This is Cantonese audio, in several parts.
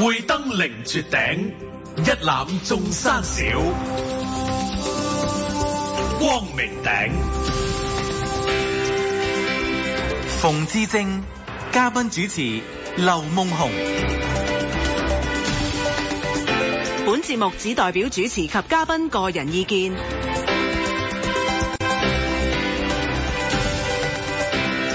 會登凌絕頂，一覽眾山小。光明頂。馮智政，嘉賓主持劉，劉夢熊。本節目只代表主持及嘉賓個人意見。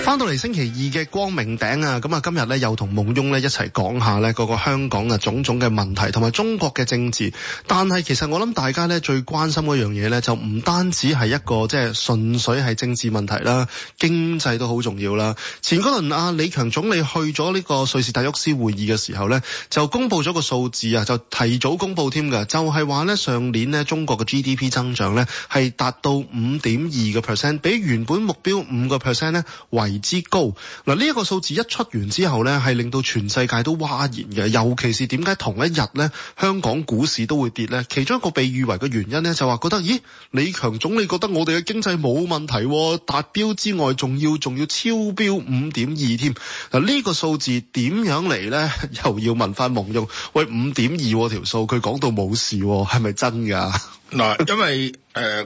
翻到嚟星期二嘅光明頂啊，咁啊今日咧又同夢熊咧一齊講下咧個個香港嘅種種嘅問題，同埋中國嘅政治。但係其實我諗大家咧最關心嗰樣嘢咧，就唔單止係一個即係純粹係政治問題啦，經濟都好重要啦。前嗰輪阿李強總理去咗呢個瑞士大沃斯會議嘅時候咧，就公布咗個數字啊，就提早公布添㗎，就係話咧上年咧中國嘅 GDP 增長咧係達到五點二個 percent，比原本目標五個 percent 咧為之高嗱，呢、這、一個數字一出完之後呢，係令到全世界都嘩然嘅。尤其是點解同一日呢，香港股市都會跌呢？其中一個被譽為嘅原因呢，就話覺得咦，李強總理覺得我哋嘅經濟冇問題、喎，達標之外要，仲要仲要超標五點二添嗱？呢、這個數字點樣嚟呢？又要問翻夢熊喂，五點二喎，條數，佢講到冇事係、哦、咪真噶嗱？因為誒，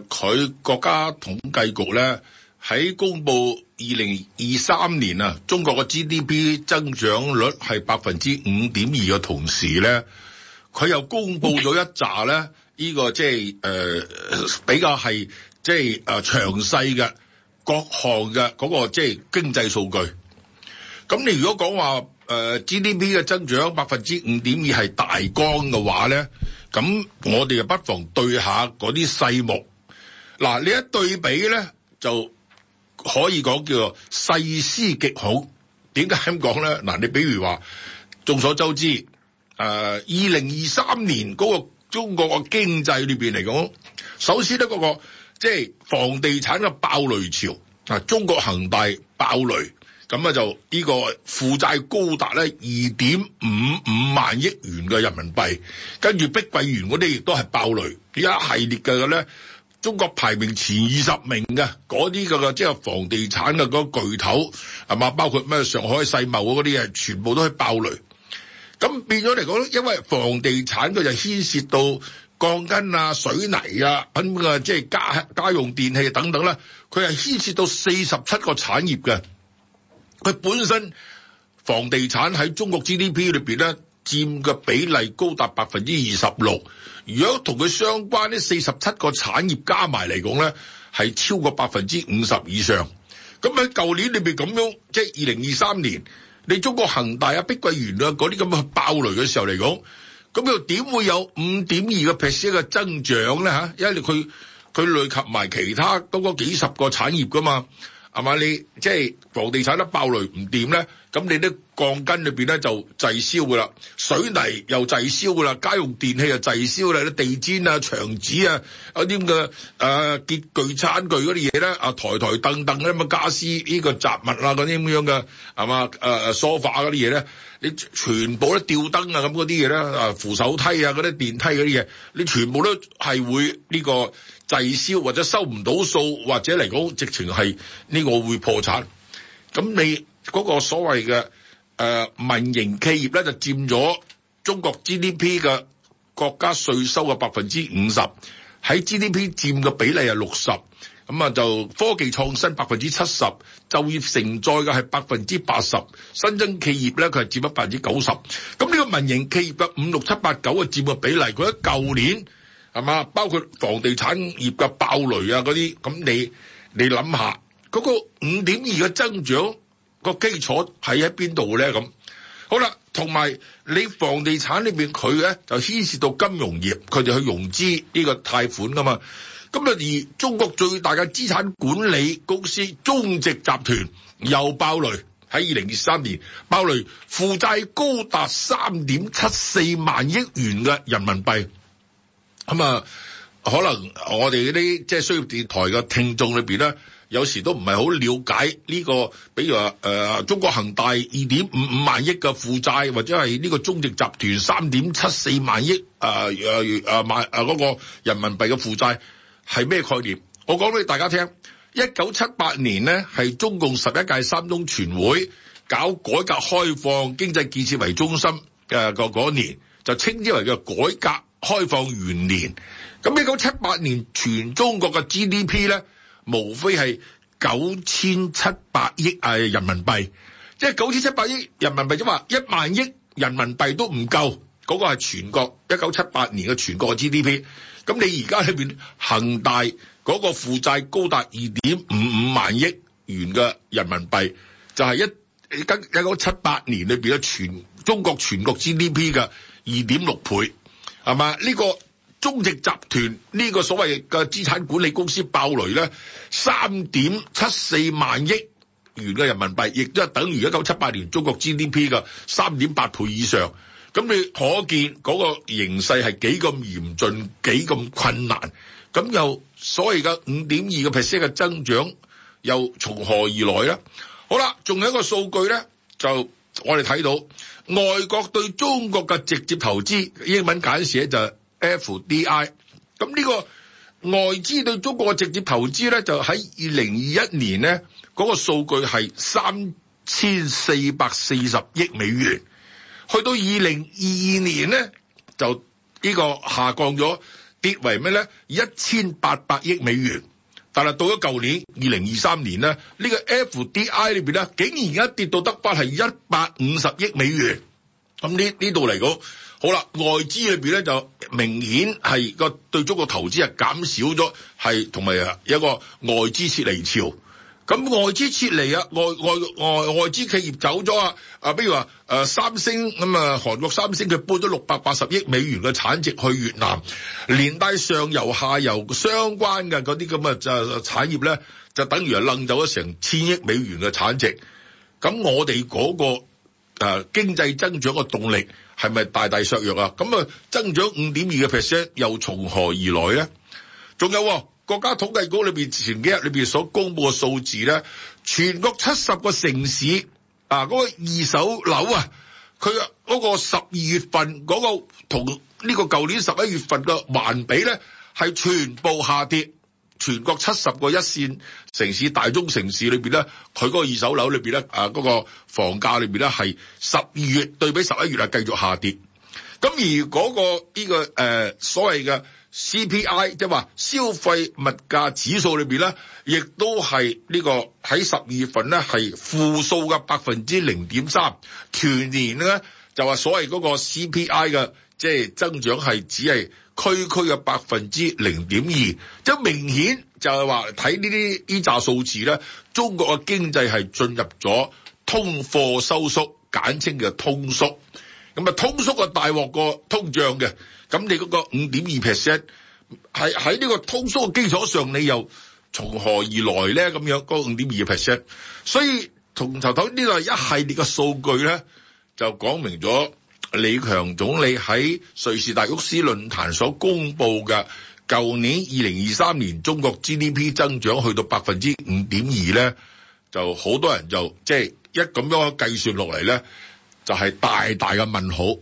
佢、呃、國家統計局呢，喺公布。二零二三年啊，中國嘅 GDP 增長率係百分之五點二嘅同時咧，佢又公布咗一紮咧呢、呢個即係誒比較係即係誒詳細嘅各項嘅嗰個即係經濟數據。咁你如果講話誒 GDP 嘅增長百分之五點二係大綱嘅話咧，咁我哋就不妨對下嗰啲細目。嗱，你一對比咧就。可以講叫做細思極好，點解咁講咧？嗱，你比如話眾所周知，誒，二零二三年嗰個中國個經濟裏邊嚟講，首先咧、那、嗰個即係、就是、房地產嘅爆雷潮啊，中國恒大爆雷，咁啊就呢個負債高達咧二點五五萬億元嘅人民幣，跟住碧桂園嗰啲亦都係爆雷，一系列嘅嘅咧。中國排名前二十名嘅嗰啲嘅即係房地產嘅嗰個巨頭，係嘛？包括咩上海世茂嗰啲嘢，全部都係爆雷。咁變咗嚟講，因為房地產佢就牽涉到鋼筋啊、水泥啊，咁嘅即係家家用電器等等啦。佢係牽涉到四十七個產業嘅。佢本身房地產喺中國 GDP 裏邊咧。佔嘅比例高達百分之二十六，如果同佢相關啲四十七個產業加埋嚟講咧，係超過百分之五十以上。咁喺舊年你咪咁樣，即係二零二三年，你中國恒大啊、碧桂園啊嗰啲咁嘅爆雷嘅時候嚟講，咁又點會有五點二個 percent 嘅增長咧嚇？因為佢佢累及埋其他多過幾十個產業噶嘛。係嘛？你即係房地產一爆雷唔掂咧，咁你啲鋼筋裏邊咧就滯銷噶啦，水泥又滯銷噶啦，家用電器又滯銷啦，啲地氈啊、牆紙啊、嗰啲咁嘅誒潔具餐具嗰啲嘢咧，啊台台凳凳咁嘅家私，呢個雜物啊嗰啲咁樣嘅，係嘛誒梳化嗰啲嘢咧，你全部咧吊燈啊咁嗰啲嘢咧，啊扶手梯啊嗰啲電梯嗰啲嘢，你全部都係、啊啊、會呢、這個。滯銷或者收唔到數，或者嚟講直情係呢個會破產。咁你嗰個所謂嘅誒民營企業咧，就佔咗中國 GDP 嘅國家稅收嘅百分之五十，喺 GDP 佔嘅比例係六十。咁啊就科技創新百分之七十，就業承載嘅係百分之八十，新增企業咧佢係佔咗百分之九十。咁呢個民營企業嘅五六七八九嘅佔嘅比例，佢喺舊年。係嘛？包括房地產業嘅爆雷啊，嗰啲咁你你諗下，嗰個五點二嘅增長個基礎係喺邊度咧？咁好啦，同埋你房地產裏面，佢咧就牽涉到金融業，佢哋去融資呢個貸款噶嘛？咁啊，而中國最大嘅資產管理公司中植集團又爆雷，喺二零二三年爆雷，負債高達三點七四萬億元嘅人民幣。咁啊，可能我哋嗰啲即係商業電台嘅聽眾裏邊咧，有時都唔係好了解呢個，比如話誒中國恆大二點五五萬億嘅負債，或者係呢個中植集團三點七四萬億誒誒誒萬誒嗰個人民幣嘅負債，係咩概念？我講俾大家聽，一九七八年咧係中共十一屆三中全會搞改革開放、經濟建設為中心嘅個年，就稱之為嘅改革開放元年，咁一九七八年全中國嘅 G D P 咧，無非係九千七百億啊人民幣，即係九千七百億人民幣，即係話一萬億人民幣都唔夠。嗰、嗰個係全國一九七八年嘅全國嘅 G D P。咁你而家喺邊恒大嗰個負債高達二點五五萬億元嘅人民幣，就係、是、一一九七八年裏邊嘅全、全中國全國 G D P 嘅二點六倍。係嘛？呢個中植集團呢個所謂嘅資產管理公司爆雷咧，三點七四萬億元嘅人民幣，亦都係等於一九七八年中國 GDP 嘅三點八倍以上。咁你可見嗰個形勢係幾咁嚴峻，幾咁困難。咁又所謂嘅五點二個 percent 嘅增長，又從何而來咧？好啦，仲有一個數據咧，就。我哋睇到外國對中國嘅直接投資，英文簡寫就 FDI。咁呢個外資對中國嘅直接投資呢，就喺二零二一年呢，嗰個數據係三千四百四十億美元。去到二零二二年呢，就呢個下降咗，跌為咩呢？一千八百億美元。但係到咗舊年二零二三年咧，這個、面呢個 FDI 裏邊咧，竟然而家跌到得翻係一百五十億美元。咁呢呢度嚟講，好啦，外資裏邊咧就明顯係個對中國投資係減少咗，係同埋有一個外資撤離潮。咁外資撤離啊，外外外外資企業走咗啊，啊，比如話誒三星咁啊，韓國三星佢搬咗六百八十億美元嘅產值去越南，連帶上游下游相關嘅嗰啲咁嘅就產業咧，就等於係掹走咗成千億美元嘅產值，咁我哋嗰個誒經濟增長嘅動力係咪大大削弱啊？咁啊增長五點二嘅 percent 又從何而來咧？仲有。國家統計局裏邊前幾日裏邊所公布嘅數字咧，全國七十個城市啊，嗰、嗰個二手樓啊，佢嗰個十二月份嗰、嗰個同呢個舊年十一月份嘅環比咧，係全部下跌。全國七十個一線城市、大中城市裏邊咧，佢嗰個二手樓裏邊咧，啊、嗰、嗰個房價裏邊咧，係十二月對比十一月啊，繼續下跌。咁而嗰個呢、這個誒、呃、所謂嘅。CPI 即係話消費物價指數裏邊咧，亦都係呢個喺十二月份咧係負數嘅百分之零點三，全年咧就話所謂嗰個 CPI 嘅即係增長係只係區區嘅百分之零點二，即係明顯就係話睇呢啲呢紮數字咧，中國嘅經濟係進入咗通貨收縮，簡稱叫通縮。咁啊，通縮個大鑊過通脹嘅，咁你嗰個五點二 percent 係喺呢個通縮嘅基礎上，你又從何而來咧？咁樣嗰五點二 percent，所以從頭到呢度一系列嘅數據咧，就講明咗李強總理喺瑞士達沃斯論壇所公布嘅舊年二零二三年中國 GDP 增長去到百分之五點二咧，就好多人就即係、就是、一咁樣計算落嚟咧。就係大大嘅問號，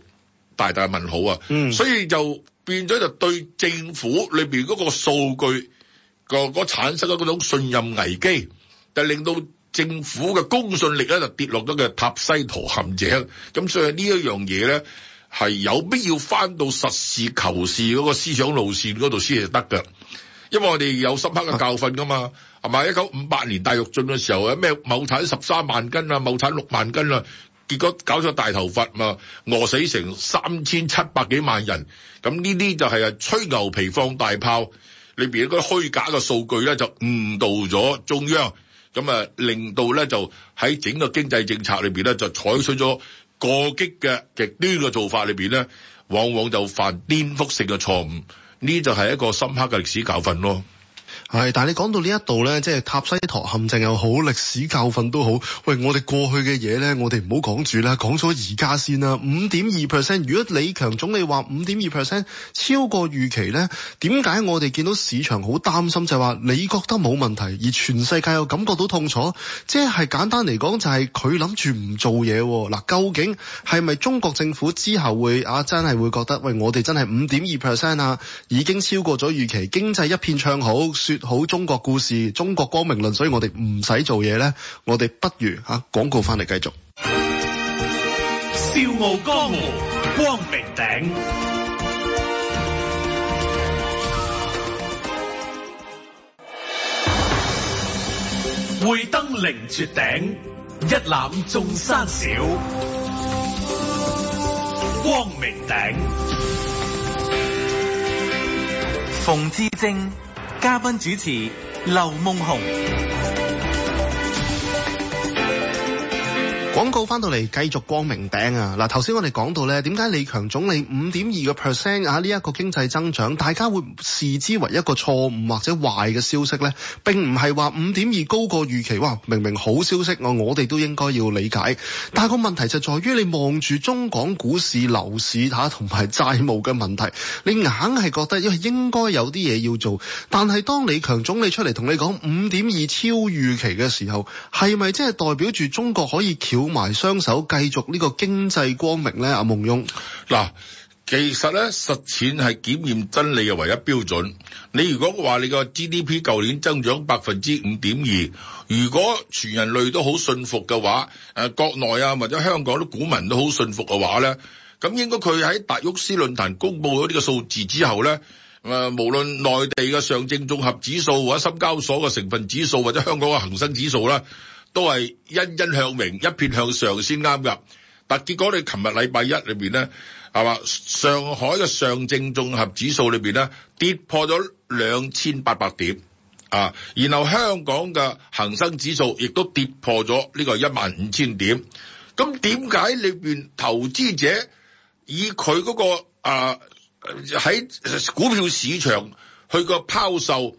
大大嘅問號啊！嗯、所以就變咗就對政府裏邊嗰個數據、嗰個嗰產生咗嗰種信任危機，就令到政府嘅公信力咧就跌落咗嘅塔西陀陷阱。咁所以呢一樣嘢咧係有必要返到實事求是嗰個思想路線嗰度先至得㗎，因為我哋有深刻嘅教訓㗎嘛，係咪、嗯？一九五八年大躍進嘅時候有咩畝產十三萬斤啊，畝產六萬斤啊？結果搞咗大頭佛嘛，餓死成三千七百幾萬人。咁呢啲就係啊吹牛皮放大炮，裏邊嗰個虛假嘅數據咧就誤導咗中央咁啊，令到咧就喺整個經濟政策裏邊咧就採取咗過激嘅極端嘅做法裡面，裏邊咧往往就犯顛覆性嘅錯誤，呢就係一個深刻嘅歷史教訓咯。係，但係你講到呢一度呢，即係塔西佗陷阱又好，歷史教訓都好。喂，我哋過去嘅嘢呢，我哋唔好講住啦，講咗而家先啦。五點二 percent，如果李強總理話五點二 percent 超過預期呢，點解我哋見到市場好擔心？就係話你覺得冇問題，而全世界又感覺到痛楚，即係簡單嚟講就係佢諗住唔做嘢。嗱，究竟係咪中國政府之後會啊真係會覺得喂，我哋真係五點二 percent 啊，已經超過咗預期，經濟一片唱好，好中國故事，中國光明論，所以我哋唔使做嘢咧，我哋不如廣告翻嚟繼續。笑傲江湖，光明頂。會登凌絕頂，一覽眾山小。光明頂。馮智政。」嘉賓主持：劉夢熊。廣告翻到嚟，繼續光明頂啊！嗱，頭先我哋講到呢，點解李強總理五點二個 percent 啊呢一個經濟增長，大家會視之為一個錯誤或者壞嘅消息呢？並唔係話五點二高過預期，哇！明明好消息，我哋都應該要理解。但係個問題就在於，你望住中港股市、樓市下同埋債務嘅問題，你硬係覺得要應該有啲嘢要做。但係當李強總理出嚟同你講五點二超預期嘅時候，係咪即係代表住中國可以巧？埋雙手繼續呢個經濟光明咧，阿夢熊，嗱，其實咧，實踐係檢驗真理嘅唯一標準。你如果話你個 GDP 舊年增長百分之五點二，如果全人類都好信服嘅話，誒國內啊或者香港啲股民都好信服嘅話咧，咁應該佢喺達沃斯論壇公布咗呢個數字之後咧，誒無論內地嘅上證綜合指數或者深交所嘅成分指數或者香港嘅恒生指數啦。都係欣欣向榮，一片向上先啱㗎。但結果你琴日禮拜一裏面咧，係嘛？上海嘅上證綜合指數裏面咧跌破咗兩千八百點啊，然後香港嘅恆生指數亦都跌破咗呢、這個一萬五千點。咁點解裏面投資者以佢嗰、那個啊喺股票市場去個拋售、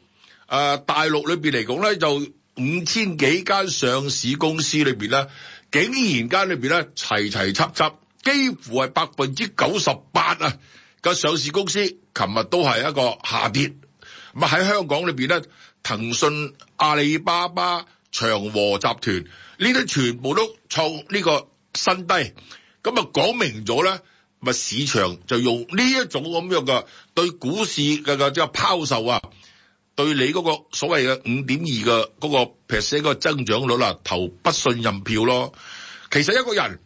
啊、大陸裏面嚟講咧就？五千幾間上市公司裏邊咧，竟然間裏邊咧齊齊插插，幾乎係百分之九十八啊！嘅上市公司琴日都係一個下跌，咁啊喺香港裏邊咧，騰訊、阿里巴巴、長和集團呢啲全部都創呢個新低，咁啊講明咗咧，咪市場就用呢一種咁樣嘅對股市嘅個即係拋售啊！對你嗰個所謂嘅五點二嘅嗰個 percent 個增長率啦，投不信任票咯。其實一個人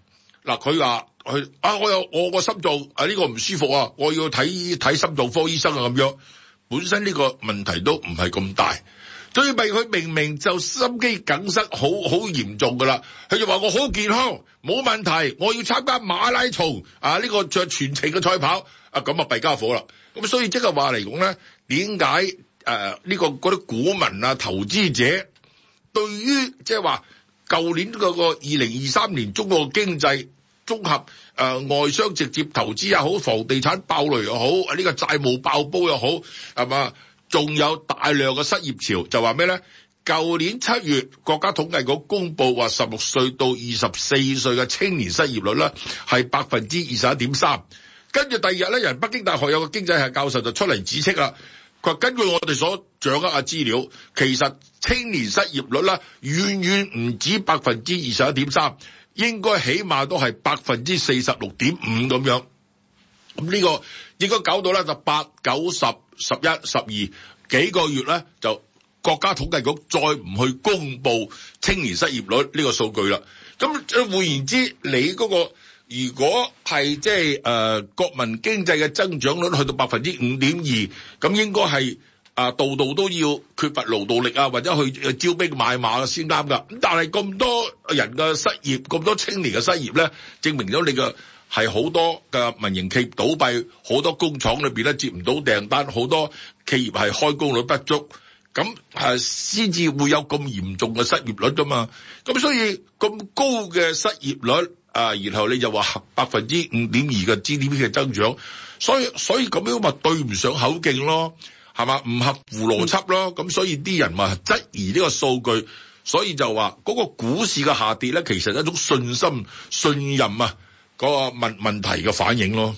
嗱，佢話佢啊，我有我心臟、這個心臟啊呢個唔舒服啊，我要睇睇心臟科醫生啊咁樣。本身呢個問題都唔係咁大，最弊佢明明就心肌梗塞，好好嚴重噶啦。佢就話我好健康，冇問題，我要參加馬拉松啊呢、這個著全程嘅賽跑啊咁啊弊家伙啦。咁所以即係話嚟講咧，點解？誒、呢、這個嗰啲股民啊、投資者對於即係話，舊年嗰個二零二三年中國的經濟綜合，誒、呃、外商直接投資又好，房地產爆雷又好，呢、這個債務爆煲又好，係嘛？仲有大量嘅失業潮，就話咩呢？舊年七月國家統計局公佈話，十六歲到二十四歲嘅青年失業率呢係百分之二十一點三，跟住第二日呢，人北京大學有個經濟系教授就出嚟指斥啦。佢根據我哋所掌握嘅資料，其實青年失業率咧遠遠唔止百分之二十一點三，應該起碼都係百分之四十六點五咁樣。咁呢個應該搞到咧就八九十十一十二幾個月咧就國家統計局再唔去公布青年失業率呢個數據啦。咁誒換言之，你嗰、個。如果係即係誒國民經濟嘅增長率去到百分之五點二，咁應該係啊、呃、度度都要缺乏勞動力啊，或者去招兵買馬先啱噶。咁但係咁多人嘅失業，咁多青年嘅失業咧，證明咗你嘅係好多嘅民營企業倒閉，好多工廠裏邊咧接唔到訂單，好多企業係開工率不足，咁係先至會有咁嚴重嘅失業率咋嘛。咁所以咁高嘅失業率。啊，然後你就話合百分之五點二嘅 GDP 嘅增長，所以所以咁樣咪對唔上口徑咯，係嘛，唔合乎邏輯咯，咁所以啲人咪質疑呢個數據，所以就話嗰個股市嘅下跌咧，其實係一種信心信任啊嗰個問問題嘅反應咯。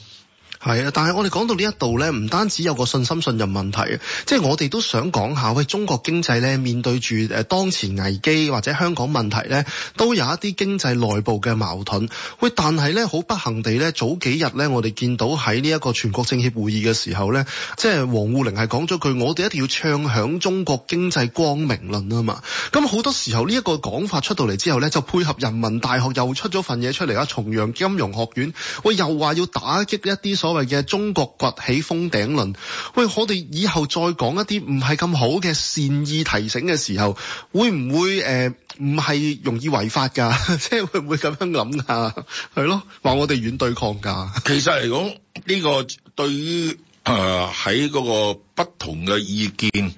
啊，但係我哋講到呢一度呢，唔單止有個信心信任問題即係我哋都想講下喂，中國經濟面對住當前危機或者香港問題呢，都有一啲經濟內部嘅矛盾。喂，但係呢，好不幸地呢，早幾日呢，我哋見到喺呢一個全國政協會議嘅時候呢，即係王滬寧係講咗句：我哋一定要唱響中國經濟光明論啊嘛。咁好多時候呢一個講法出到嚟之後呢，就配合人民大學又出咗份嘢出嚟啊，重陽金融學院喂又話要打擊一啲所所謂嘅中國崛起封頂論，喂，我哋以後再講一啲唔係咁好嘅善意提醒嘅時候，會唔會誒唔係容易違法噶？即係會唔會咁樣諗啊？係咯，話我哋軟對抗噶。其實嚟講呢個對於誒喺嗰個不同嘅意見，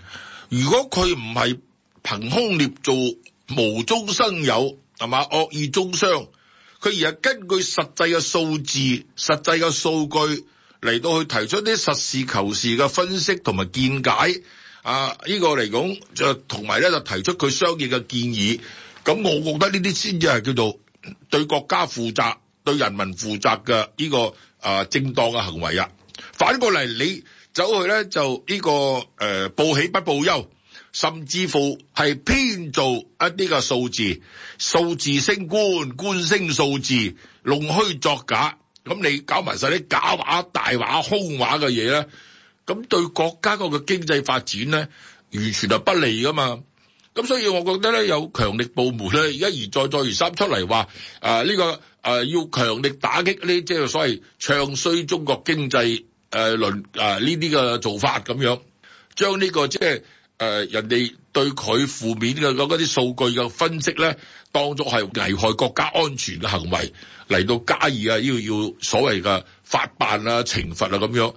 如果佢唔係憑空捏造、無中生有，係嘛惡意中傷。佢而係根據實際嘅數字、實際嘅數據嚟到去提出啲實事求是嘅分析同埋見解，啊，這個、來說呢個嚟講就同埋咧就提出佢相應嘅建議。咁我覺得呢啲先至係叫做對國家負責、對人民負責嘅呢、這個啊正當嘅行為啊。反過嚟，你走去咧就呢、這個誒、呃、報喜不報憂。甚至乎係編造一啲嘅數字，數字升官，官升數字，弄虛作假。咁你搞埋晒啲假話、大話、空話嘅嘢咧，咁對國家嗰個經濟發展咧完全係不利噶嘛。咁所以我覺得咧，有強力部門咧，一而再，再而三出嚟話誒呢個誒、呃、要強力打擊呢，即係所謂唱衰中國經濟誒論誒呢啲嘅做法咁樣，將呢個即係。誒，人哋對佢負面嘅嗰啲數據嘅分析咧，當作係危害國家安全嘅行為嚟到，加以啊，要要所謂嘅法辦啊、懲罰啊咁樣。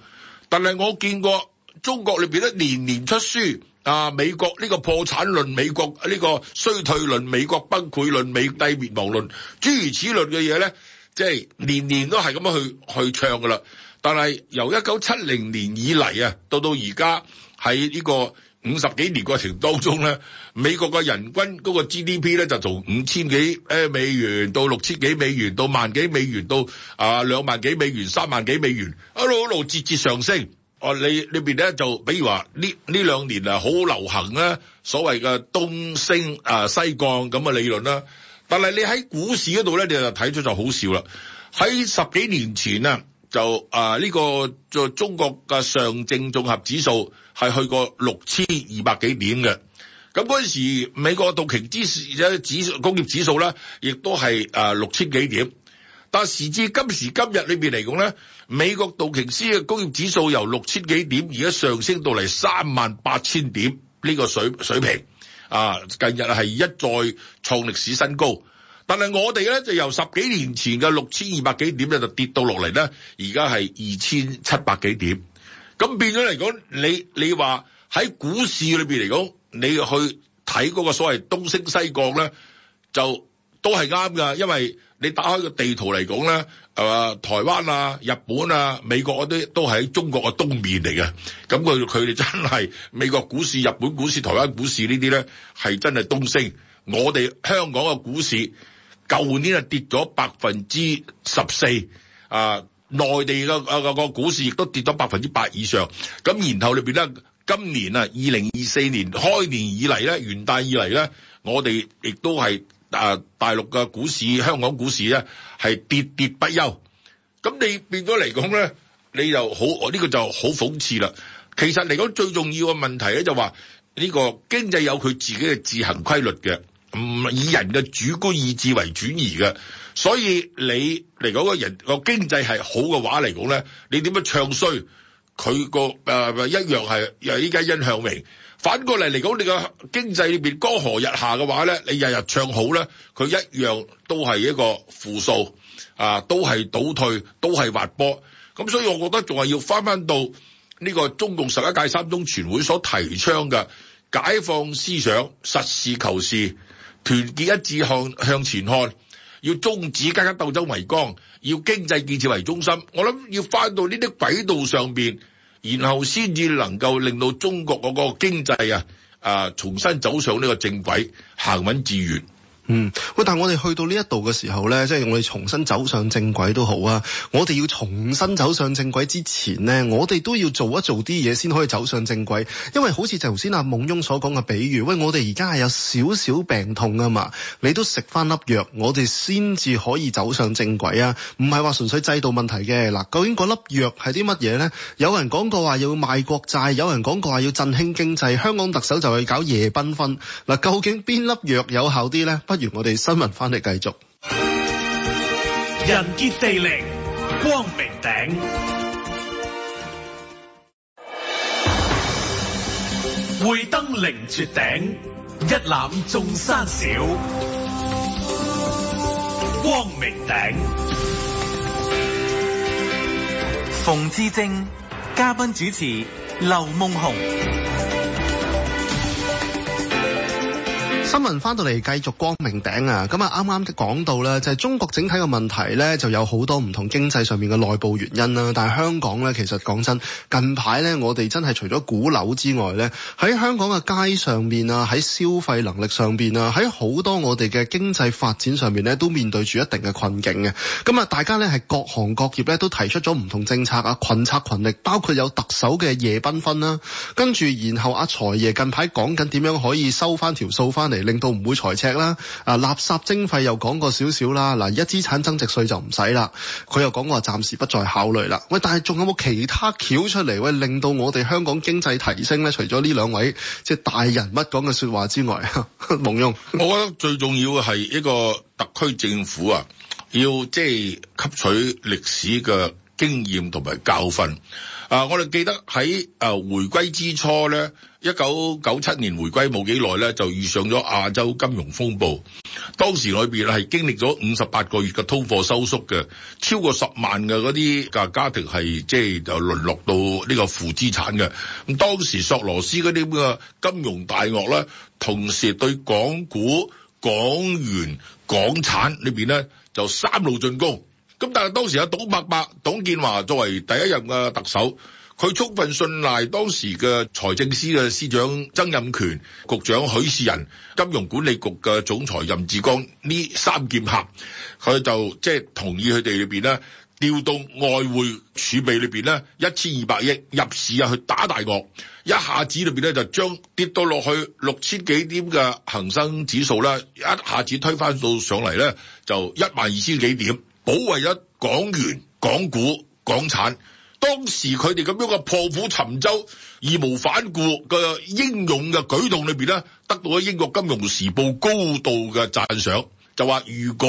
但係我見過中國裏邊咧，年年出書啊，美國呢個破產論、美國呢個衰退論、美國崩潰論、美帝滅亡論，諸如此類嘅嘢咧，即係年年都係咁樣去去唱噶啦。但係由一九七零年以嚟啊，到到而家喺呢個。五十幾年過程當中咧，美國嘅人均嗰個 GDP 咧就從五千幾美元到六千幾美元到萬幾美元到啊兩萬幾美元、三萬幾美元，一路一路節節上升。哦，你裏邊咧就比如話呢呢兩年啊好流行啊所謂嘅東升啊西降咁嘅理論啦，但係你喺股市嗰度咧，你就睇出就好笑啦。喺十幾年前啊。就啊呢、這個就中國嘅上證綜合指數係去過六千二百幾點嘅，咁嗰陣時美國道瓊斯嘅指工業指數咧，亦都係啊六千幾點，但係時至今時今日裏邊嚟講咧，美國道瓊斯嘅工業指數由六千幾點而家上升到嚟三萬八千點呢個水水平，啊近日係一再創歷史新高。但係我哋咧就由十幾年前嘅六千二百幾點咧就跌到落嚟咧，而家係二千七百幾點，咁變咗嚟講，你你話喺股市裏邊嚟講，你去睇嗰個所謂東升西降咧，就都係啱㗎，因為你打開個地圖嚟講咧，誒、呃，台灣啊、日本啊、美國嗰、啊、啲都係喺中國嘅東面嚟嘅。咁佢佢哋真係美國股市、日本股市、台灣股市呢啲咧係真係東升，我哋香港嘅股市。舊年啊跌咗百分之十四，啊，內地嘅啊個股市亦都跌咗百分之八以上，咁然後裏邊咧今年啊二零二四年開年以嚟咧，元旦以嚟咧，我哋亦都係啊大陸嘅股市、香港股市咧係跌跌不休，咁你變咗嚟講咧，你又好呢個就好諷刺啦。其實嚟講最重要嘅問題咧就話呢個經濟有佢自己嘅自行規律嘅。唔以人嘅主觀意志為轉移嘅，所以你嚟講，個人個經濟係好嘅話嚟講咧，你點樣唱衰佢個誒一樣係又依家欣向榮，反過嚟嚟講，你個經濟裏邊江河日下嘅話咧，你日日唱好咧，佢一樣都係一個負數啊，都係倒退，都係滑波。咁所以我覺得仲係要翻返到呢個中共十一屆三中全會所提倡嘅解放思想、實事求是。團結一致向向前看，要終止階級鬥爭為綱，要經濟建設為中心。我諗要翻到呢啲軌道上邊，然後先至能夠令到中國嗰個經濟啊啊重新走上呢個正軌，行穩致遠。嗯，喂！但係我哋去到呢一度嘅時候呢，即係我哋重新走上正軌都好啊。我哋要重新走上正軌之前呢，我哋都要做一做啲嘢先可以走上正軌。因為好似就頭先阿夢熊所講嘅比喻，喂！我哋而家係有少少病痛啊嘛，你都食翻粒藥，我哋先至可以走上正軌啊。唔係話純粹制度問題嘅嗱。究竟嗰粒藥係啲乜嘢呢？有人講過話要賣國債，有人講過話要振興經濟。香港特首就去搞夜繽紛嗱。究竟邊粒藥有效啲呢？不如我哋新聞翻嚟繼續。人傑地靈，光明頂。會登凌絕頂，一覽眾山小。光明頂。馮智政，嘉賓主持，劉夢熊。新聞翻到嚟，繼續光明頂啊！咁啊，啱啱講到呢，就係中國整體嘅問題呢，就有好多唔同經濟上面嘅內部原因啦。但係香港呢，其實講真，近排呢，我哋真係除咗股樓之外呢，喺香港嘅街上面啊，喺消費能力上面啊，喺好多我哋嘅經濟發展上面呢，都面對住一定嘅困境嘅。咁啊，大家呢，係各行各業呢，都提出咗唔同政策啊，群策群力，包括有特首嘅夜繽紛啦，跟住然後阿財爺近排講緊點樣可以收翻條數翻嚟。令到唔會財赤啦。啊，垃圾徵費又講過少少啦。嗱，一資產增值稅就唔使啦。佢又講話暫時不再考慮啦。喂，但係仲有冇其他橋出嚟？喂，令到我哋香港經濟提升咧？除咗呢兩位即係大人物講嘅説話之外，呵呵，夢熊，我覺得最重要嘅係一個特區政府啊，要即係吸取歷史嘅經驗同埋教訓。啊！我哋記得喺啊，回歸之初咧，一九九七年回歸冇幾耐咧，就遇上咗亞洲金融風暴。當時裏邊係經歷咗五十八個月嘅通貨收縮嘅，超過十萬嘅嗰啲家庭係即係就淪落到呢個負資產嘅。咁當時索羅斯嗰啲咁嘅金融大鱷咧，同時對港股、港元、港產裏邊咧就三路進攻。咁但係當時阿董伯伯董建華作為第一任嘅特首，佢充分信賴當時嘅財政司嘅司長曾蔭權、局長許仕仁、金融管理局嘅總裁任志剛呢三劍客。佢就即係同意佢哋裏面咧調動外匯儲備裏面咧一千二百億入市啊去打大鱷，一下子裏面咧就將跌到落去六千幾點嘅恆生指數咧，一下子推返到上嚟咧就一萬二千幾點。保衛咗港元、港股、港產，當時佢哋咁樣嘅破釜沉舟、義無反顧嘅英勇嘅舉動裏邊咧，得到咗英國金融時報高度嘅讚賞，就話如果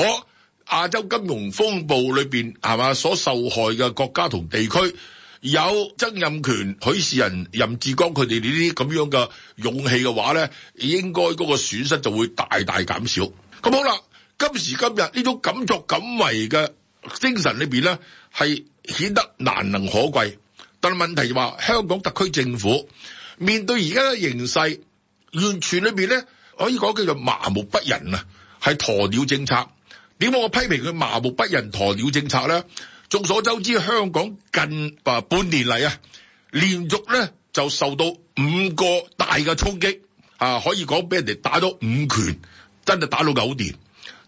亞洲金融風暴裏邊係嘛所受害嘅國家同地區有曾蔭權、許仕仁、任志剛佢哋呢啲咁樣嘅勇氣嘅話咧，應該嗰個損失就會大大減少。咁好啦。今時今日呢種敢作敢為嘅精神裏邊咧，係顯得難能可貴。但係問題就話，香港特區政府面對而家嘅形勢，完全裏邊咧，可以講叫做麻木不仁啊，係鴕鳥政策。點解我批評佢麻木不仁、鴕鳥政策咧？眾所周知，香港近啊半年嚟啊，連續咧就受到五個大嘅衝擊啊，可以講俾人哋打咗五拳，真係打到九年。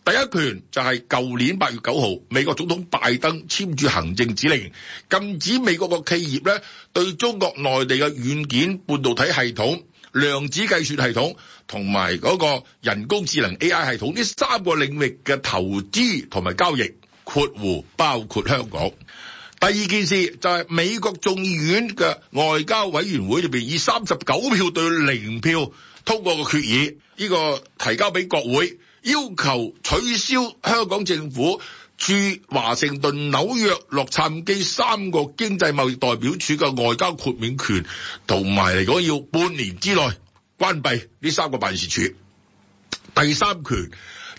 第一權就係舊年八月九號，美國總統拜登簽署行政指令，禁止美國個企業咧對中國內地嘅軟件、半導體系統、量子計算系統同埋嗰個人工智能 AI 系統呢三個領域嘅投資同埋交易，括弧包括香港。第二件事就係美國眾議院嘅外交委員會裏邊以三十九票對零票通過個決議，呢個提交俾國會。要求取消香港政府駐華盛頓、紐約、洛杉磯三個經濟貿易代表處嘅外交豁免權，同埋嚟講要半年之內關閉呢三個辦事處。第三權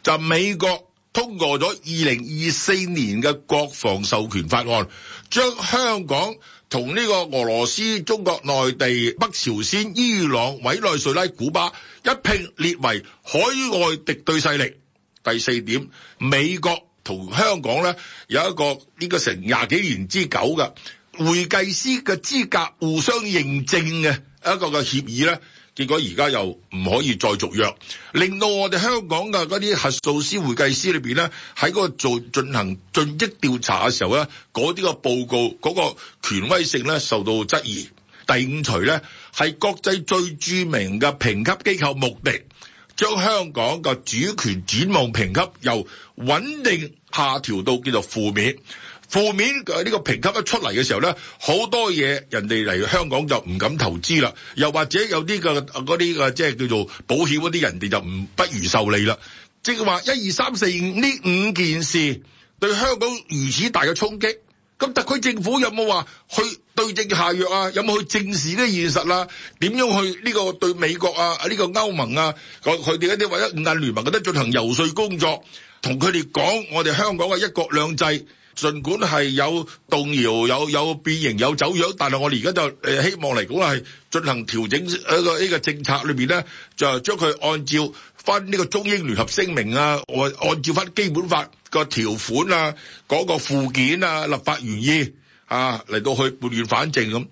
就美國通過咗二零二四年嘅國防授權法案，將香港。同呢個俄羅斯、中國內地、北朝鮮、伊朗、委內瑞拉、古巴一併，列為海外敵對勢力。第四點，美國同香港呢有一個呢個成廿幾年之久嘅會計師嘅資格互相認證嘅一個嘅協議呢。結果而家又唔可以再續約，令到我哋香港嘅嗰啲核數師、會計師裏面咧，喺嗰個做進行盡職調查嘅時候咧，嗰啲個報告嗰個權威性咧受到質疑。第五除咧係國際最著名嘅評級機構穆迪，將香港嘅主權展望評級由穩定下調到叫做負面。負面嘅呢個評級一出嚟嘅時候咧，好多嘢人哋嚟香港就唔敢投資啦，又或者有啲嘅嗰啲嘅即係叫做保險嗰啲人哋就唔不如受理啦。即係話一二三四呢五件事對香港如此大嘅衝擊，咁特區政府有冇話去對症下藥啊？有冇去正視呢個現實啊？點樣去呢個對美國啊？呢個歐盟啊？佢哋啲啲或者五眼聯盟嗰啲進行游說工作，同佢哋講我哋香港嘅一國兩制。儘管係有動搖、有有變形、有走樣，但係我哋而家就誒希望嚟講係進行調整一個呢個政策裏邊咧，就將佢按照翻呢個中英聯合聲明啊，按按照翻基本法個條款啊，嗰個附件啊、立法原意啊嚟到去撥亂反正咁，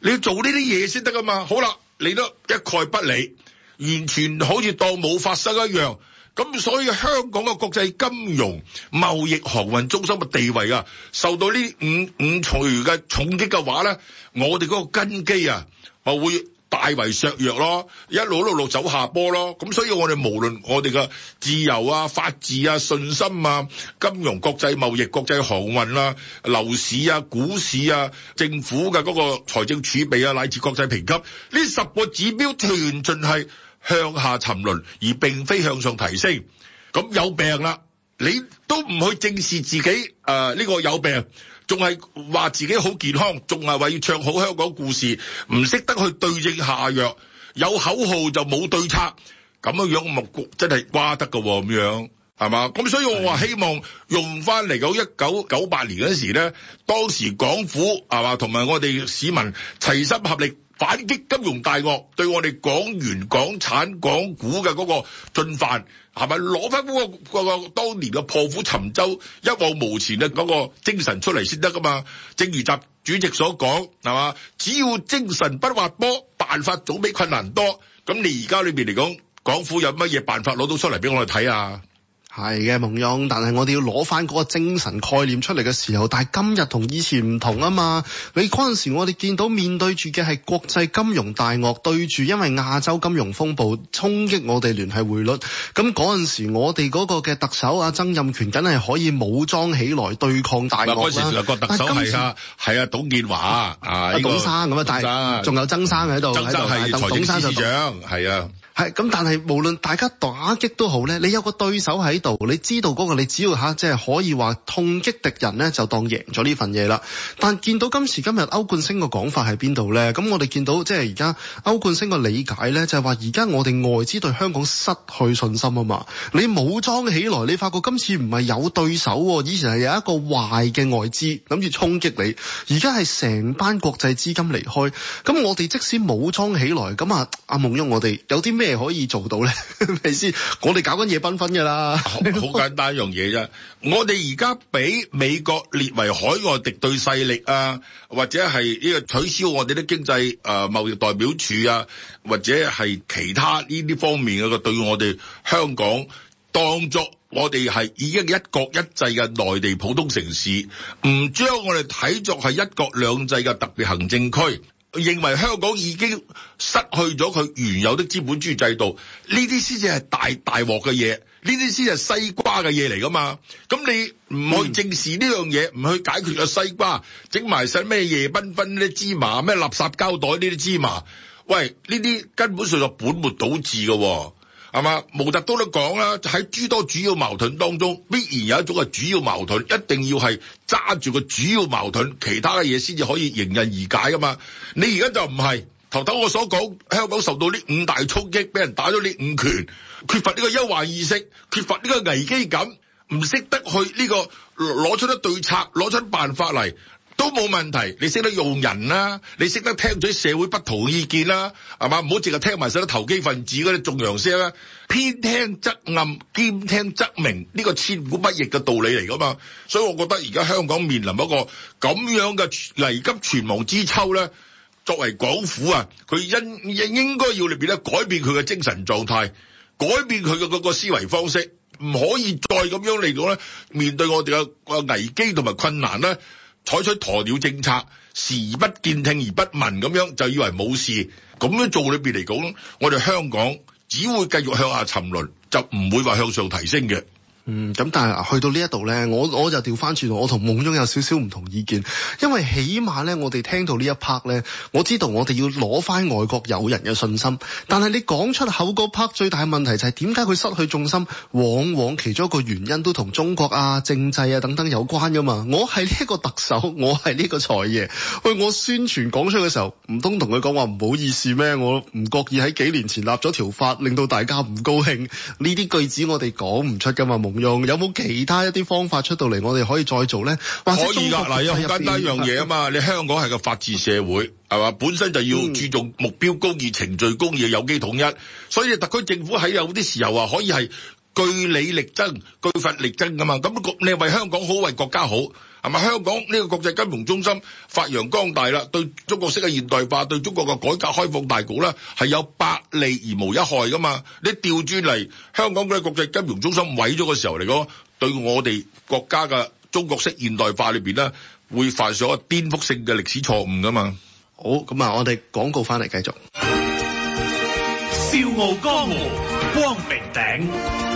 你要做呢啲嘢先得噶嘛。好啦，你都一概不理，完全好似當冇發生一樣。咁所以香港嘅國際金融、貿易、航運中心嘅地位啊，受到呢五五馀嘅重擊嘅話咧，我哋嗰個根基啊，就會大為削弱咯，一路一路路走下坡咯。咁所以我哋無論我哋嘅自由啊、法治啊、信心啊、金融、國際貿易、國際航運啊、樓市啊、股市啊、政府嘅嗰個財政儲備啊，乃至國際評級呢十個指標，全盡係。向下沉淪，而並非向上提升，咁有病啦！你都唔去正視自己，誒、呃、呢、呢個有病，仲係話自己好健康，仲係話要唱好香港故事，唔識得去對症下藥，有口號就冇對策，咁樣樣咁啊，真係瓜得噶咁樣，係嘛？咁所以我話希望用翻嚟九一九九八年嗰時咧，當時港府係嘛，同埋我哋市民齊心合力。反擊金融大鱷對我哋港元、港產、港股嘅嗰個進犯，係咪攞返嗰個嗰個當年嘅破釜沉舟、一往無前嘅嗰個精神出嚟先得噶嘛？正如習主席所講，係咪，只要精神不滑坡，辦法總比困難多。咁你而家呢邊嚟講，港府有乜嘢辦法攞到出嚟俾我哋睇啊？係嘅，夢熊。但係我哋要攞翻嗰個精神概念出嚟嘅時候，但係今日同以前唔同啊嘛。你嗰陣時我哋見到面對住嘅係國際金融大鱷，對住因為亞洲金融風暴衝擊我哋聯繫匯率。咁嗰陣時我哋嗰個嘅特首啊，曾蔭權梗係可以武裝起來對抗大鱷啦。嗰陣時個特首係係次啊，啊，董建華啊，董生咁啊，但係仲有曾生喺度，曾生係財政司長，係啊。係咁，但係無論大家打擊都好呢，你有個對手喺度，你知道嗰個你只要吓，即係可以話痛擊敵人呢，就當贏咗呢份嘢啦。但見到今時今日東升西降嘅講法喺邊度呢？咁我哋見到即係而家東升西降嘅理解呢，就係話而家我哋外資對香港失去信心啊嘛。你武裝起來，你發覺今次唔係有對手，以前係有一個壞嘅外資諗住衝擊你，而家係成班國際資金離開。咁我哋即使武裝起來，咁啊阿夢熊，夢我哋有啲咩？咩可以做到咧？咪 先？我哋搞緊嘢紛紛嘅啦，好簡單一樣嘢啫。我哋而家俾美國列為海外敵對勢力啊，或者係呢個取消我哋啲經濟誒貿易代表處啊，或者係其他呢啲方面嘅對我哋香港當作我哋係已經一國一制嘅內地普通城市，唔將我哋睇作係一國兩制嘅特別行政區。認為香港已經失去咗佢原有的資本主義制度，呢啲先至係大大鑊嘅嘢，呢啲先係西瓜嘅嘢嚟噶嘛？咁你唔去正視呢樣嘢，唔、嗯、去解決個西瓜，整埋晒咩夜繽紛啲芝麻，咩垃圾膠袋呢啲芝麻，喂，呢啲根本上就本末倒置噶、啊。係嘛？毛澤東都都講啦，喺諸多主要矛盾當中，必然有一種嘅主要矛盾，一定要係揸住個主要矛盾，其他嘅嘢先至可以迎刃而解噶嘛。你而家就唔係，頭頭我所講，香港受到呢五大衝擊，俾人打咗呢五拳，缺乏呢個憂患意識，缺乏呢個危機感，唔識得去呢個攞出啲對策，攞出辦法嚟。都冇問題，你識得用人啦，你識得聽取社會不同意見啦，係嘛？唔好淨係聽埋曬啲投機分子嗰啲重陽聲啦。偏聽則暗，兼聽則明，呢個千古不易嘅道理嚟㗎嘛。所以，我覺得而家香港面臨一個咁樣嘅危急存亡之秋咧，作為港府啊，佢應應應該要裏邊咧改變佢嘅精神狀態，改變佢嘅嗰個思維方式，唔可以再咁樣嚟講咧。面對我哋嘅個危機同埋困難咧。採取鴕鳥政策，視而不見，聽而不聞，咁樣就以為冇事。咁樣做裏邊嚟講，我哋香港只會繼續向下沉淪，就唔會話向上提升嘅。嗯，咁但係去到呢一度咧，我我就調翻轉，我同夢中有少少唔同意見，因為起碼咧，我哋聽到呢一 part 咧，我知道我哋要攞翻外國友人嘅信心。但係你講出口嗰 part 最大嘅問題就係點解佢失去重心？往往其中一個原因都同中國啊、政制啊等等有關噶嘛。我係呢一個特首，我係呢個財爺，喂，我宣傳講出嘅時候，唔通同佢講話唔好意思咩？我唔覺意喺幾年前立咗條法，令到大家唔高興。呢啲句子我哋講唔出噶嘛，夢。用有冇其他一啲方法出到嚟，我哋可以再做咧？可以噶，嗱，又簡單一樣嘢啊嘛！ 你香港係個法治社會，係嘛？本身就要注重目標公義、嗯、程序公義，有機統一，所以特區政府喺有啲時候啊，可以係據理力爭、據法力爭噶嘛？咁你為香港好，為國家好。係咪香港呢個國際金融中心發揚光大啦？對中國式嘅現代化，對中國嘅改革開放大局咧，係有百利而無一害噶嘛？你調轉嚟香港嗰啲國際金融中心毀咗嘅時候嚟講，對我哋國家嘅中國式現代化裏邊咧，會犯咗一個顛覆性嘅歷史錯誤噶嘛？好，咁啊，我哋廣告翻嚟繼續。笑傲江湖，光明頂。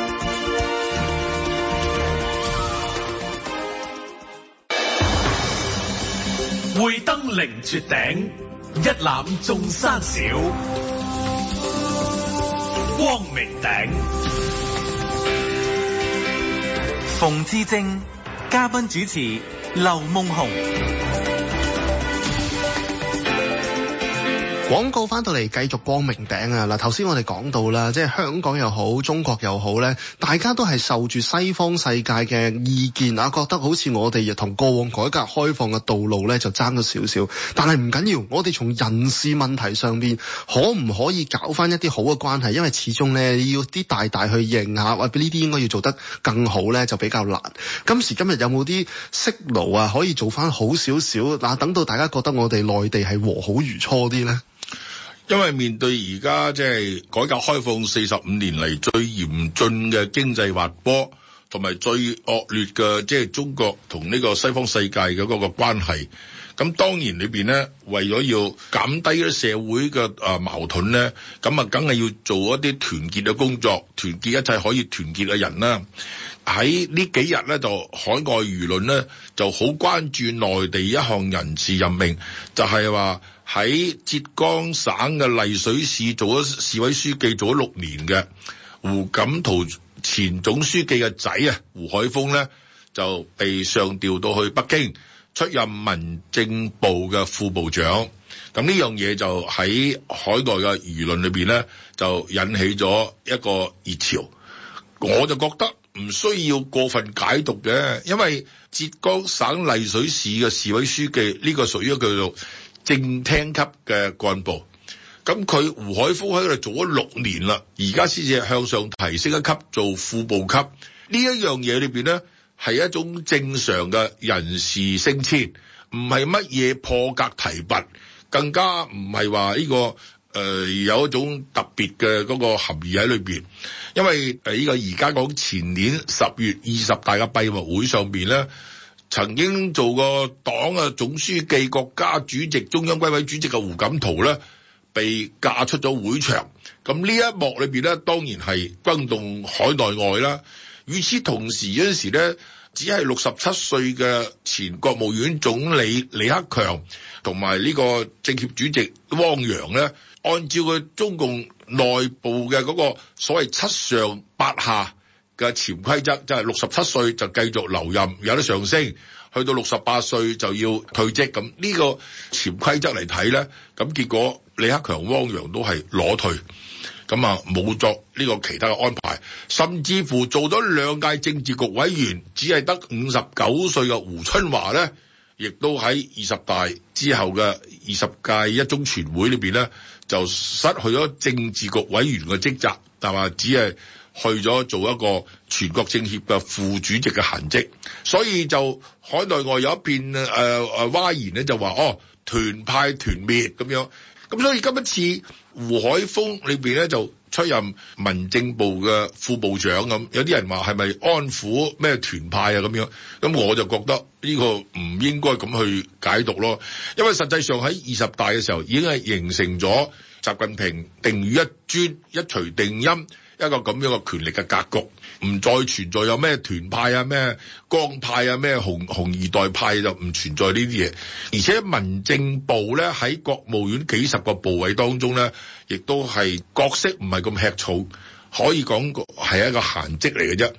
會登凌絕頂，一覽眾山小。光明頂，馮智政嘉賓主持劉，劉夢熊。廣告翻到嚟繼續光明頂啊！嗱，頭先我哋講到啦，即係香港又好，中國又好咧，大家都係受住西方世界嘅意見啊，覺得好似我哋同過往改革開放嘅道路咧就爭咗少少。但係唔緊要，我哋從人事問題上邊可唔可以搞翻一啲好嘅關係？因為始終咧要啲大大去應下，或者呢啲應該要做得更好咧就比較難。今時今日有冇啲識路啊，可以做翻好少少？嗱，等到大家覺得我哋內地係和好如初啲呢。因為面對而家即係改革開放四十五年嚟，最嚴峻嘅經濟滑坡，同埋最惡劣嘅即係中國同呢個西方世界嘅嗰個關係，咁當然裏邊咧為咗要減低啲社會嘅啊矛盾咧，咁啊梗係要做一啲團結嘅工作，團結一切可以團結嘅人啦。喺呢幾日咧就海外輿論咧就好關注內地一項人事任命，就係話。喺浙江省嘅麗水市做咗市委書記做咗六年嘅胡錦濤前總書記嘅仔啊，胡海峰咧就被上調到去北京出任民政部嘅副部長。咁呢樣嘢就喺海外嘅輿論裏邊咧，就引起咗一個熱潮。我就覺得唔需要過分解讀嘅，因為浙江省麗水市嘅市委書記呢個屬於一個叫做。正廳級嘅幹部，咁佢胡海峰喺度做咗六年啦，而家先至向上提升一級做副部級，這東西呢一樣嘢裏邊咧，係一種正常嘅人事升遷，唔係乜嘢破格提拔，更加唔係話呢個誒、呃、有一種特別嘅嗰個含義喺裏邊，因為喺呢個而家講前年十月二十大嘅閉幕會上邊咧。曾經做過黨嘅總書記、國家主席、中央軍委主席嘅胡錦濤咧，被架出咗會場。咁呢一幕裏邊咧，當然係轟動海內外啦。與此同時嗰陣時咧，只係六十七歲嘅前國務院總理李克強同埋呢個政協主席汪洋咧，按照佢中共內部嘅嗰個所謂七上八下。嘅潛規則就係六十七歲就繼續留任，有得上升；去到六十八歲就要退職。咁呢個潛規則嚟睇呢，咁結果李克強、汪洋都係裸退，咁啊冇作呢個其他嘅安排，甚至乎做咗兩屆政治局委員，只係得五十九歲嘅胡春華呢，亦都喺二十大之後嘅二十屆一中全會裏面呢，就失去咗政治局委員嘅職責，但話只係，去咗做一個全國政協嘅副主席嘅閒職，所以就海內外有一片誒誒嘩然咧，就話哦團派團滅咁樣，咁所以今一次胡海峰裏邊咧就出任民政部嘅副部長咁，有啲人話係咪安撫咩團派啊咁樣，咁我就覺得呢個唔應該咁去解讀咯，因為實際上喺二十大嘅時候已經係形成咗習近平定於一尊一錘定音。一個咁樣嘅權力嘅格局，唔再存在有咩團派啊、咩江派啊、咩紅紅二代派、啊、就唔存在呢啲嘢。而且民政部咧喺國務院幾十個部委當中咧，亦都係角色唔係咁吃草，可以講係一個閒職嚟嘅啫。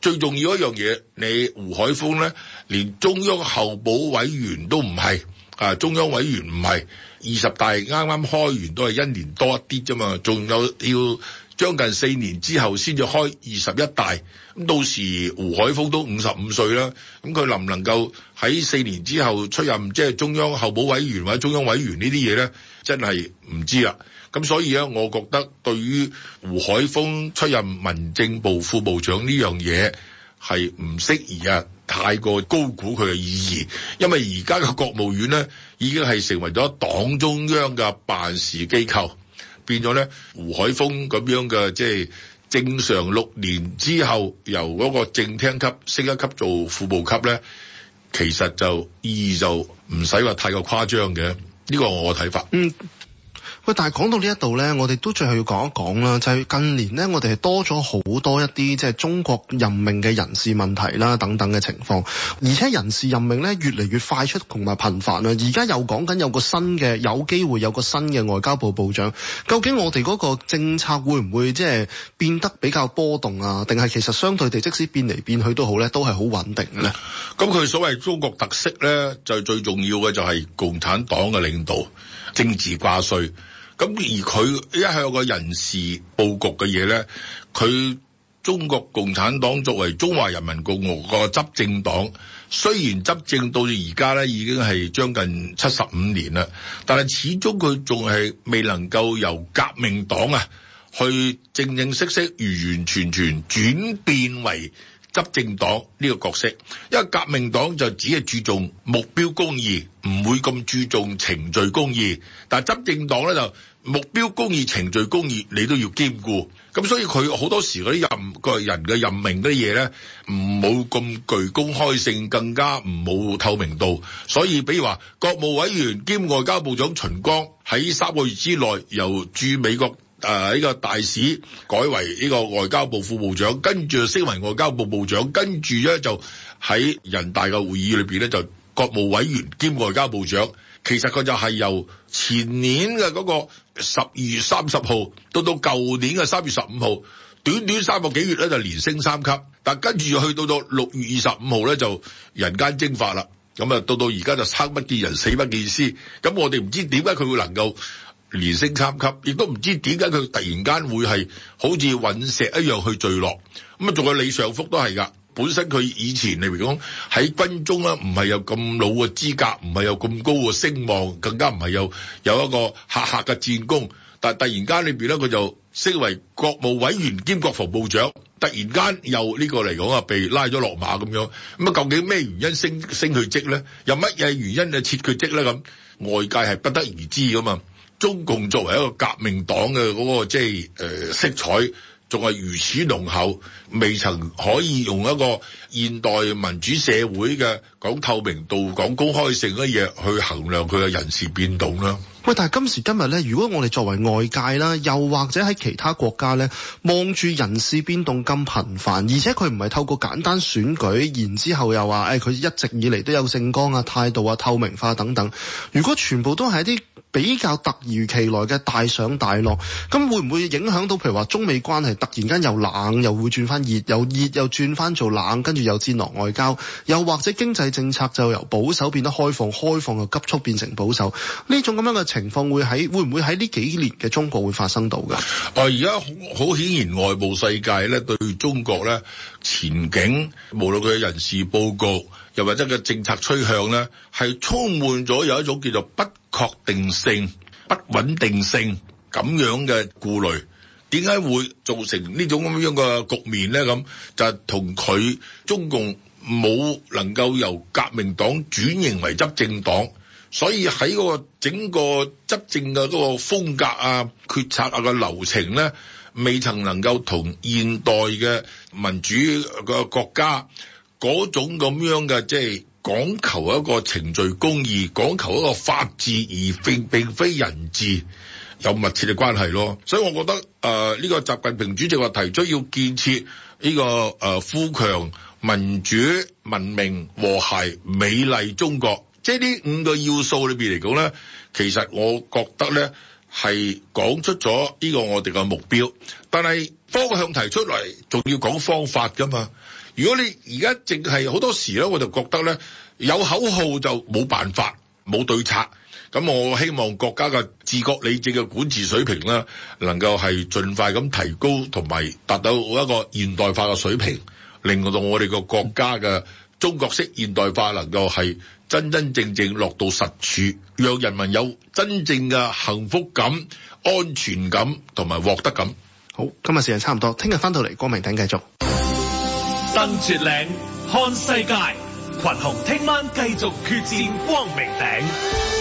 最重要一樣嘢，你胡海峰咧，連中央候補委員都唔係啊，中央委員唔係。二十大啱啱開完都係一年多一啲啫嘛，仲有要。將近，近四年之後先至開二十一大，咁到時胡海峰都五十五歲啦，咁佢能唔能夠喺四年之後出任即係中央候補委員或者中央委員呢啲嘢呢？真係唔知啦。咁所以咧，我覺得對於胡海峰出任民政部副部長呢樣嘢係唔適宜啊，太過高估佢嘅意義，因為而家嘅國務院呢，已經係成為咗黨中央嘅辦事機構。變咗咧，胡海峰咁樣嘅，即係正常六年之後，由嗰個正廳級升一級做副部級咧，其實就意義就唔使話太過誇張嘅，呢個我嘅睇法。嗯喂，但係講到呢一度呢，我哋都最後要講一講啦，就係、是、近年呢，我哋多咗好多一啲即係中國任命嘅人事問題啦，等等嘅情況，而且人事任命呢越嚟越快速同埋頻繁啦。而家又講緊有個新嘅有機會有個新嘅外交部部長，究竟我哋嗰個政策會唔會即係變得比較波動啊？定係其實相對地，即使變嚟變去都好呢，都係好穩定呢？咁佢所謂中國特色呢，就是、最重要嘅就係共產黨嘅領導，政治掛帥。咁而佢一向個人事佈局嘅嘢呢，佢中國共產黨作為中華人民共和國執政黨，雖然執政到咗而家呢已經係將近七十五年啦，但係始終佢仲係未能夠由革命黨啊，去正正式式完完全全轉變為執政黨呢個角色，因為革命黨就只係注重目標公義，唔會咁注重程序公義，但係執政黨呢就。目標公義、程序公義，你都要兼顧。咁所以佢好多時嗰啲任個人嘅任命啲嘢咧，唔冇咁具公開性，更加唔冇透明度。所以比如話，國務委員兼外交部長秦剛喺三個月之內，由駐美國誒呢個大使改為呢個外交部副部長，跟住就升為外交部部長，跟住咧就喺人大嘅會議裏邊咧就國務委員兼外交部長。其實佢就係由前年嘅嗰個。十二月三十號到到舊年嘅三月十五號，短短三個幾月咧就連升三級，但跟住去到到六月二十五號咧就人間蒸發啦，咁啊到到而家就生不見人死不見屍，咁我哋唔知點解佢會能夠連升三級，亦都唔知點解佢突然間會係好似隕石一樣去墜落，咁啊仲有李尚福都係噶。本身佢以前嚟講喺軍中啦，唔係有咁老嘅資格，唔係有咁高嘅聲望，更加唔係有有一個赫赫嘅戰功。但係突然間裏邊咧，佢就升為國務委員兼國防部長，突然間又呢個嚟講啊，被拉咗落馬咁樣。咁啊，究竟咩原因升升佢職咧？又乜嘢原因啊？撤佢職咧？咁外界係不得而知噶嘛。中共作為一個革命黨嘅嗰個即係誒色彩。仲係如此濃厚，未曾可以用一個現代民主社會嘅，講透明度、講公開性，嘅嘢去衡量佢嘅人事變動啦。喂，但係今時今日咧，如果我哋作為外界啦，又或者喺其他國家咧，望住人事變動咁頻繁，而且佢唔係透過簡單選舉，然之後又話，誒、哎、佢一直以嚟都有政綱啊、態度啊、透明化等等。如果全部都係一啲比較突如其來嘅大上大落，咁會唔會影響到譬如話中美關係突然間又冷，又會轉翻熱，又熱又轉翻做冷，跟住又戰狼外交，又或者經濟政策就由保守變得開放，開放又急速變成保守，呢種咁樣嘅情況會喺，會唔會喺呢幾年嘅中國會發生到㗎？而家好顯然外部世界呢對中國呢，前景無論佢人事報告又或者嘅政策趨向呢，係充滿咗有一種叫做不確定性、不穩定性咁樣嘅顧慮。點解會造成呢種咁樣嘅局面呢？咁就係同佢中共冇能夠由革命黨轉型為執政黨所以喺嗰個整個執政嘅嗰個風格啊、決策啊嘅流程咧，未曾能夠同現代嘅民主嘅國家嗰種咁樣嘅即係講求一個程序公義、講求一個法治而並並非人治有密切嘅關係咯。所以，我覺得誒呢個習近平主席話提出要建設呢個誒、呃、富強、民主、文明、和諧、美麗中國。即係呢五個要素裏面嚟講呢，其實我覺得呢係講出咗呢個我哋嘅目標。但係方向提出嚟，仲要講方法㗎嘛。如果你而家淨係好多時呢，我就覺得呢有口號就冇辦法，冇對策。咁我希望國家嘅治國理政嘅管治水平呢，能夠係盡快咁提高，同埋達到一個現代化嘅水平，令到我哋個國家嘅。中國式現代化能夠係真真正正落到實處，讓人民有真正嘅幸福感、安全感同埋獲得感。好，今日時間差唔多，聽日翻到嚟光明頂繼續。登絕嶺看世界，群雄聽晚繼續決戰光明頂。